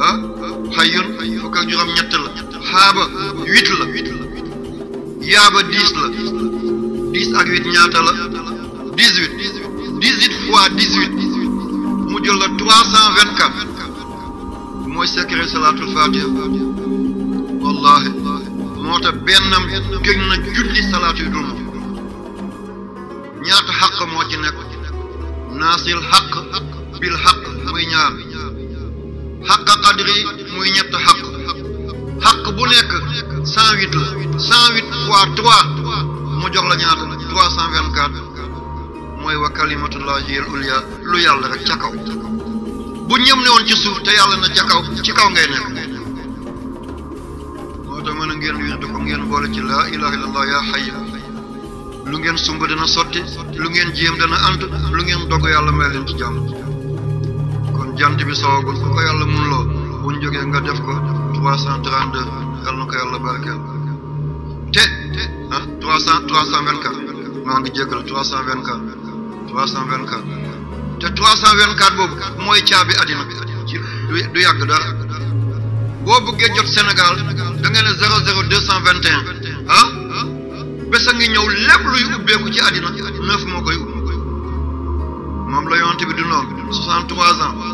ah xayun fukk ak juróom ñett la xaaba huit yaaba dix la dix ak huit ñaata la dix huit dix huit fois dix mu jël la trois cent vingt quatre mooy secret salaatul fatiha wallahi moo tax bennam gën na julli salaat yu ñaata xaq moo ci nekk naasil xaq bil xaq muy ñaar hakka qadri muy ñett hak xaq bu nek 108 huit la cent mu jox la ñaar 324 moy wa kalimatullahi al ulya lu yalla rek ci kaw bu ñëm ne won ci suuf te yalla na ci kaw ci kaw ngay nek mo do mën ngeen ngeen wirdu ko ngeen bolé ci la ilaha illallah ya hayy lu ngeen sumbu dana soti lu ngeen jëm dana ànd lu ngeen dogg yalla may leen ci jamm jant bi soogul ku ko yalla mun lo buñ joge nga def ko 332 yalla na yalla yàlla te ha 300 324 maa ngi jégal 324 324 te 324 bobu moy caabi adina bi du yag da bo bëggee jot senegal da nga ne 00221 ah bés a ngi ñëw lépp ubbe ko ci adina neuf mo koy ubbe mom la yonte bi du no 63 ans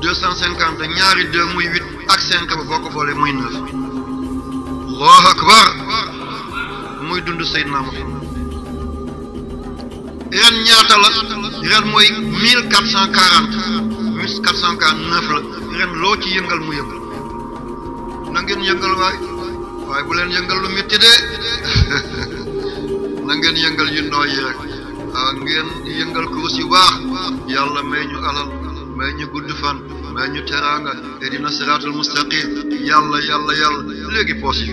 250 ñaari 2 muy 8 ak 5 ba boko bolé muy 9 Allahu akbar muy dundu sayyidna Muhammad yeen ñaata la yeen moy 1440 1449 la yeen lo ci yëngal mu yëngal na ngeen yëngal way way bu leen yëngal lu metti de na ngeen yëngal yu noy rek ah, ngeen yëngal ko ci wax yalla may ñu alal mañu gudd fan mañu ñu teranga edina siratul mustaqim yalla yalla yalla legi poche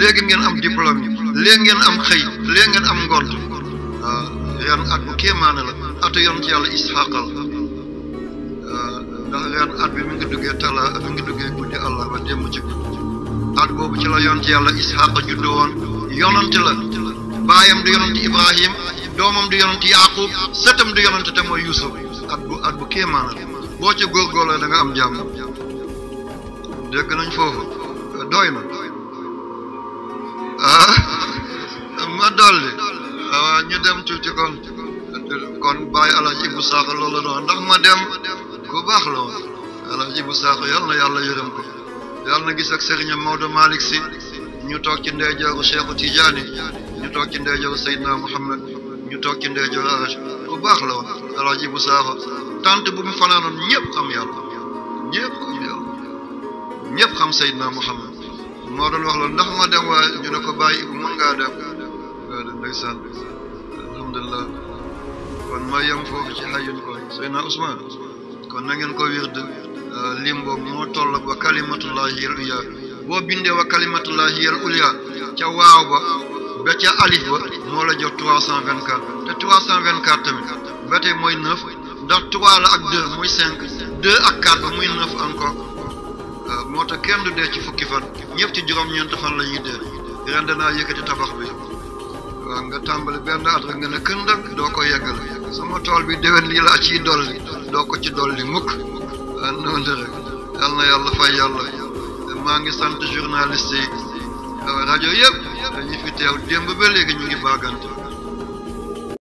legi ngeen am diplome legi ngeen am xey legi ngeen am ngol ah, ren at bu kéemaane la atu yon ci yalla ishaqal la ah, ndax ren at bi mi ngi duggee tala mi ngi duggee guddi allah ba dem ci at bobu ci la yon ci yalla ishaqa juddoo won yonante la bayam du yonante ibrahim domam du yonent yaqub setam du yonent te moy yusuf ak bu ak bu kemana bo ci gol gol nga am jam deug nañ fofu doyna ah ma dolli wa ah, ñu dem ci ci kon kon bay alaji bu sax lolu do ndax ma dem ku bax lo alaji bu sax yalla yalla yeureum ko yalla gis ak serigne mawdo malik si ñu tok ci ndey jogu cheikhou tidiane ñu tok ci ndey jogu sayyidna muhammad ñu toog ci ndey joor ku baax la woon alaaji bu saafa tant bu mu fanaanoon ñëpp xam yàlla ñëpp xam yàlla ñëpp xam Seydina Muhammad moo doon wax loolu ndax ma dem waaye ñu ne ko bàyyi ibu mën ngaa dem waaw de ndeysaan alhamdulilah kon ma yem foofu ci xayun kon Seydina Ousmane kon na ko wird lim boobu moo toll ba kalimatullahi al ulya boo bindee wa kalimatullahi al ulya ca waaw ba ba ca alif ba moo la 324 te 324 tamit ba 9 ndax 3 la ak 2 muy 5 2 ak 4 ba 9 encore euh, moo tax kenn du ci fukki fan ñëpp ci juróom-ñeent fan lañuy ñuy dee ren danaa tabax bi nga tambal ben at rek nga ne kën nag doo ko yeggal sama tool bi déwén li la ci dolli Do ko ci dolli mukk euh, noonu rek Yalla na yàlla fay yàlla maa ngi sant journaliste yi. waaw ah, rajo yëpp ñi fi teew démb ba léegi ñu ngi baagante